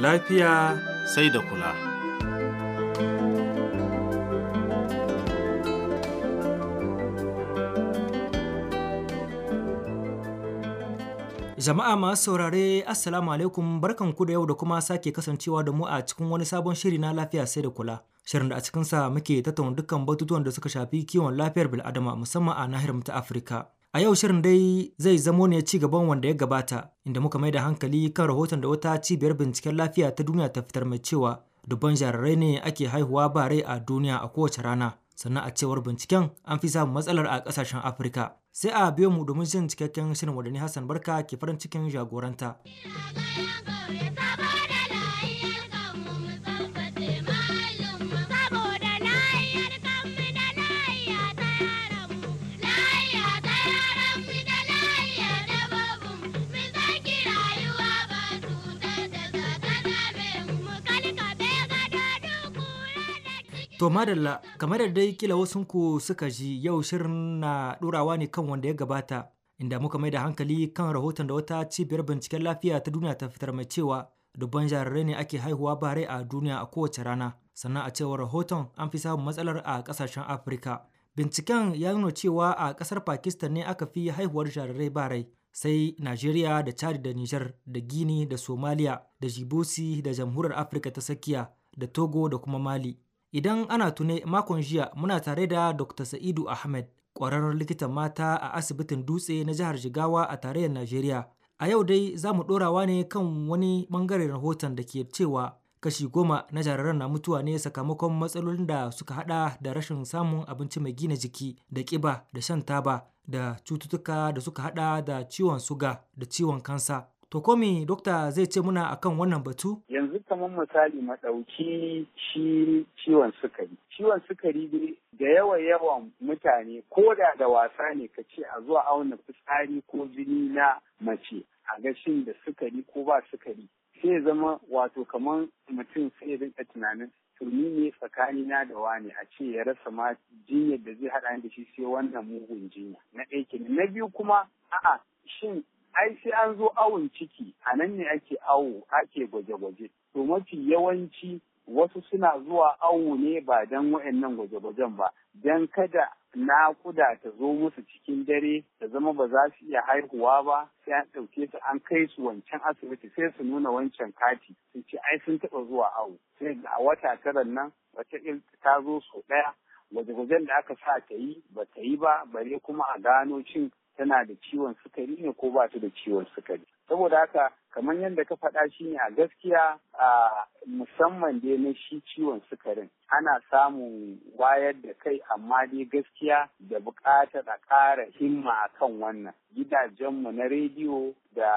lafiya sai da kula. Jama'a masu saurare Assalamu alaikum barkanku da yau da kuma sake kasancewa da mu a cikin wani sabon shiri na lafiya sai da kula. Shirin da a cikinsa muke tattauna dukkan batutuwan da suka shafi kiwon lafiyar bil'adama musamman a nahiyar ta Afirka. A yau shirin dai zai zamo ne ci gaban wanda ya gabata, inda muka mai da hankali kan rahoton da wata cibiyar binciken lafiya ta duniya ta fitar mai cewa dubban jarirai ne ake haihuwa ba rai a duniya a kowace rana. Sannan a cewar binciken an fi samun matsalar a ƙasashen Afirka. Sai a biyo mu domin jin cikakken shirin wadani Hassan Barka ke farin cikin jagoranta. To madalla kamar da dai kila wasunku suka ji yau shirin na ɗorawa ne kan wanda ya gabata inda muka mai da hankali kan rahoton da wata cibiyar binciken lafiya ta duniya ta fitar mai cewa dubban jarirai ne ake haihuwa ba rai a duniya a kowace rana sannan a cewar rahoton an fi samun matsalar a ƙasashen afirka binciken ya nuna cewa a ƙasar pakistan ne aka fi haihuwar jarirai ba rai sai najeriya da chad da niger da guinea da somalia da Djibouti da jamhuriyar afirka ta sakiya da togo da kuma mali Idan ana tune makon jiya muna tare da Dr. Sa'idu Ahmed, ƙwararren likitan mata a asibitin Dutse na jihar Jigawa a tarayyar Najeriya. A yau dai za mu ɗorawa ne kan wani ɓangaren rahoton da ke cewa kashi goma na jariran na mutuwa ne sakamakon matsalolin da suka haɗa da rashin samun abinci mai gina jiki da ƙiba da shan taba da cututtuka da suka haɗa da ciwon suga da ciwon kansa. To komi dokta zai ce muna akan wannan batu? kamar misali maɗauki shi ciwon sukari. Ciwon sukari dai da yawa yawan mutane ko da da wasa ne ka ce a zuwa auna fitsari ko jini na mace a gashin da sukari ko ba sukari. Sai zama wato kamar mutum sai rinka tunanin turmi ne tsakani na da wani a ce ya rasa ma jinyar da zai haɗa da shi sai wannan mugun jinya. Na ɗaya kenan. Na biyu kuma a'a shin ai sai an zo awon ciki a nan ne ake awo ake gwaje-gwaje to mafi yawanci wasu suna zuwa awo ne ba don wa'annan gwaje-gwajen ba don kada kuda ta zo musu cikin dare ta zama ba za su iya haihuwa ba sai an ɗauke su an kai su wancan asibiti sai su nuna wancan kati su ce ai sun taɓa zuwa awo sai a wata tara nan wata ta zo sau ɗaya gwaje-gwajen da aka sa ta yi ba ta yi ba bare kuma a gano cin tana da ciwon sukari ne ko ba ta da ciwon sukari saboda haka kamar yadda ka faɗa shi ne a gaskiya a musamman dai na shi ciwon sukarin ana samun wayar da kai amma dai gaskiya da buƙatar a ƙara himma a kan wannan gidajenmu na rediyo da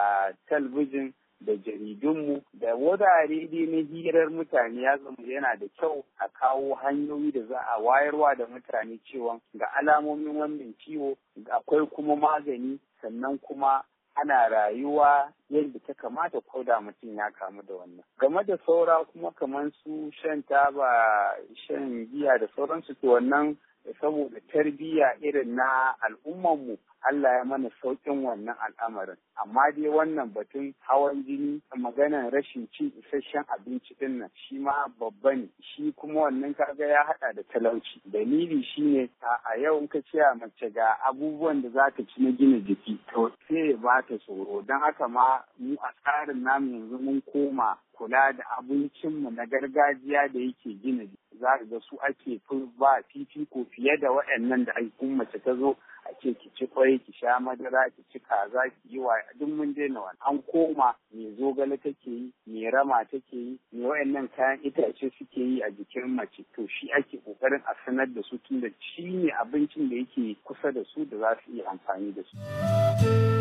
talbijin da jaridunmu da wurare dai na hirar mutane ya zama yana da kyau a kawo hanyoyi da za a wayarwa da mutane cewa ga alamomin wannan ciwo akwai kuma magani sannan kuma ana rayuwa yadda ta kamata ko da mutum ya kamu da wannan. Game da saura kuma kamar su shan taba, shan giya da sauransu to wannan saboda tarbiyya irin na al'ummanmu Allah ya mana sauƙin wannan al'amarin amma dai wannan batun hawan jini maganan rashin cin isasshen abinci din nan shi ma babba ne shi kuma wannan kaga ya haɗa da talauci dalili shine a yau in ka ce a mace ga abubuwan da za ta ci na gina jiki to sai ba ta tsoro don haka ma mu a tsarin namu yanzu mun koma kula da abincinmu na gargajiya da yake gina jiki za ka ga su ake fi ba fifiko fiye da waɗannan da ai kun mace ta zo a ce ki ci kwai ki sha madara ki ci kaza ki yi wa duk mun daina wani an koma me zogale take yi me rama take yi me waɗannan kayan itace suke yi a jikin mace to shi ake kokarin a sanar da su tun da shi ne abincin da yake kusa da su da za su iya amfani da su.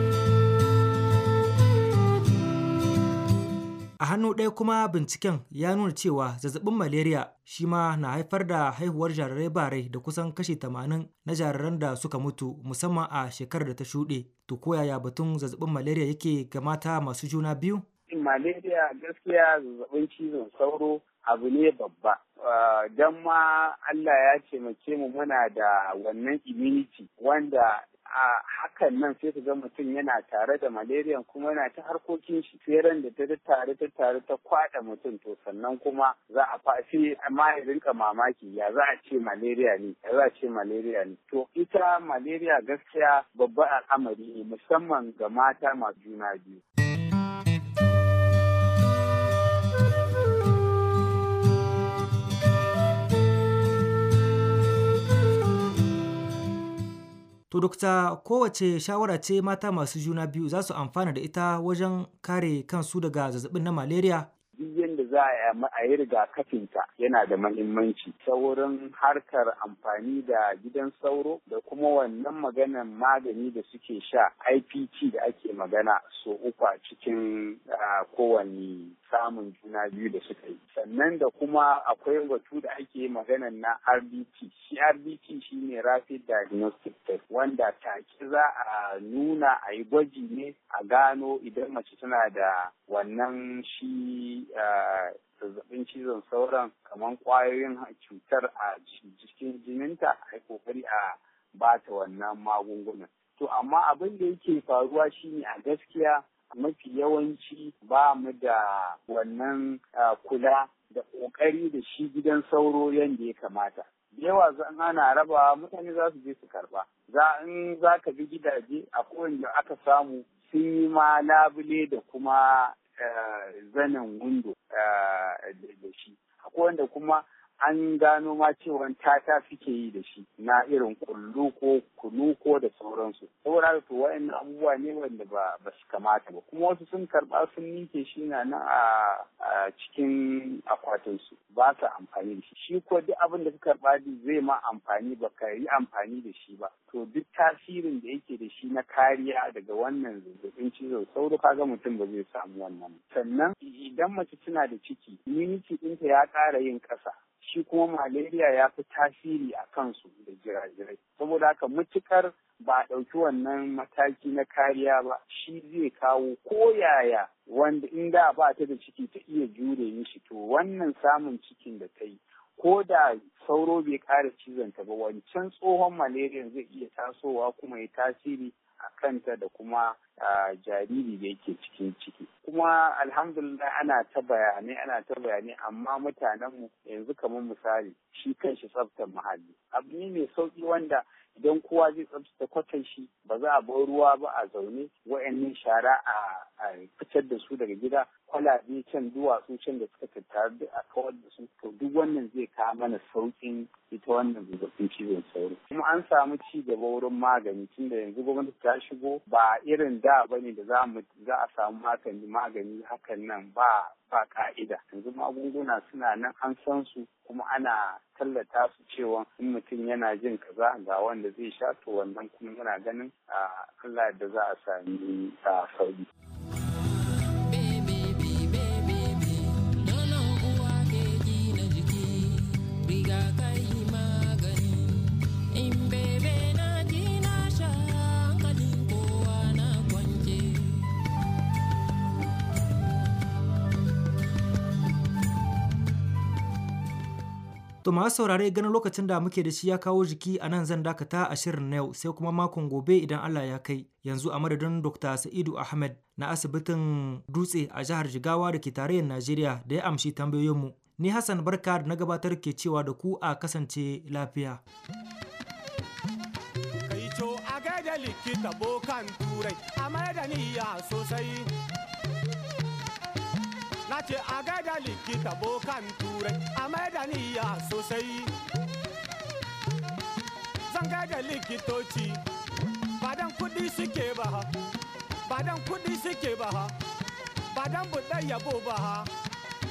a hannu ɗaya kuma binciken ya nuna cewa zazzabin malaria shi ma na haifar da haihuwar jarirai barai da kusan kashi 80 na jariran da suka mutu musamman a shekarar da ta shuɗe to koyaya batun zazzabin malaria yake ga mata masu juna biyu malaria gaskiya zazzabin cizon sauro abu ne babba ah, don ma Allah ya ce mu muna da wannan immunity wanda a hakan nan sai ga mutum yana tare da malaria kuma yana ta harkokin shi tseren da ta tare ta tare ta kwada mutum to sannan kuma za a fashi amma ya rinka mamaki ya za a ce malaria ne ya za a ce malaria ne to ita malaria gaskiya babbar al'amari ne musamman ga mata masu juna biyu. To dokta kowace shawara ce mata masu juna biyu za su amfana da ita wajen kare kansu daga zazzabin na malaria? Duk yadda za a yi rigakafinta yana da mahimmanci ta wurin harkar amfani da gidan sauro da kuma wannan maganan magani da suke sha IPT da ake magana so uku a cikin ah, kowanne. samun juna biyu da suka yi sannan da kuma akwai batu da ake magana na RBT shi RBT shine rapid diagnostic test wanda take za a nuna a yi gwaji ne a gano idan mace tana da wannan shi eh, zazzabin cizon sauran kamar kwayoyin cutar a cikin jininta a yi kokari a bata wannan magungunan to amma abin da yake faruwa shine a gaskiya mafi yawanci ba mu da wannan kula da ƙoƙari da shi gidan sauro yadda ya kamata. yawa zan ana raba mutane za su je su karba za in za ka bi gidaje a kowanne aka samu sun yi ma labule da kuma zanen windo da shi kuma an gano ma cewa tata suke yi da shi na irin kullu ko kunu ko da sauransu saboda to wa'in abubuwa ne wanda ba ba su kamata ba kuma wasu sun karɓa sun nike shi na nan a cikin akwatinsu ba su amfani da shi shi ko duk abin da ka karɓa zai ma amfani ba ka yi amfani da shi ba to duk tasirin da yake da shi na kariya daga wannan zazzabin cizon sauro kaga mutum ba zai samu wannan sannan idan mace tana da ciki miniti ɗinta ya ƙara yin ƙasa shi kuma malaria ya fi tasiri a kansu da jirajirai saboda haka matukar ba a ɗauki wannan mataki na kariya ba shi zai kawo ko yaya wanda in da ba ta da ciki ta iya jure mishi to wannan samun cikin da ta yi ko da sauro bai ƙara ta ba wancan tsohon malaria zai iya tasowa kuma ya tasiri a kanta da kuma jariri da yake cikin ciki kuma alhamdulillah ana ta bayanai ana ta bayanai amma mutanenmu yanzu kamar misali shi kanshi tsaftar muhalli abu ne mai sauki wanda idan kowa zai tsabtace kwatan shi ba za a bar ruwa ba a zaune wa'annan shara a a fitar da su daga gida kwalabe can duwatsu can da suka tattaru da a kawar da su to duk wannan zai kawo mana saukin ita wannan zazzabin cizon sauro kuma an samu ci gaba wurin magani tunda yanzu gwamnati ta shigo ba irin da bane da za mu a samu magani magani hakan nan ba ba ka'ida yanzu magunguna suna nan an san su kuma ana tallata su cewa in mutum yana jin kaza ga wanda zai sha to wannan kuma yana ganin a Allah da za a sami sauki. To masu saurare ganin lokacin da muke da shi ya kawo jiki a nan zan dakata a shirin na yau sai kuma makon gobe idan Allah ya kai. Yanzu a madadin Dr. Sa'idu Ahmed na asibitin Dutse a jihar Jigawa da ke tarayyar Najeriya da ya amshi tambayoyin mu Ni Hassan Barka na gabatar ke cewa da ku a kasance lafiya. a likita bokan turai a sosai. na ce a gaida likita bokan turai a maida niyya sosai zan gaida likitoci badan kudi suke ba ha badan kudi suke ba ha badan buɗe yabo ba ha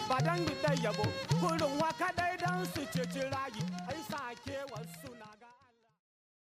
badan buɗe yabo Kurun waka dai dan su ceci rayu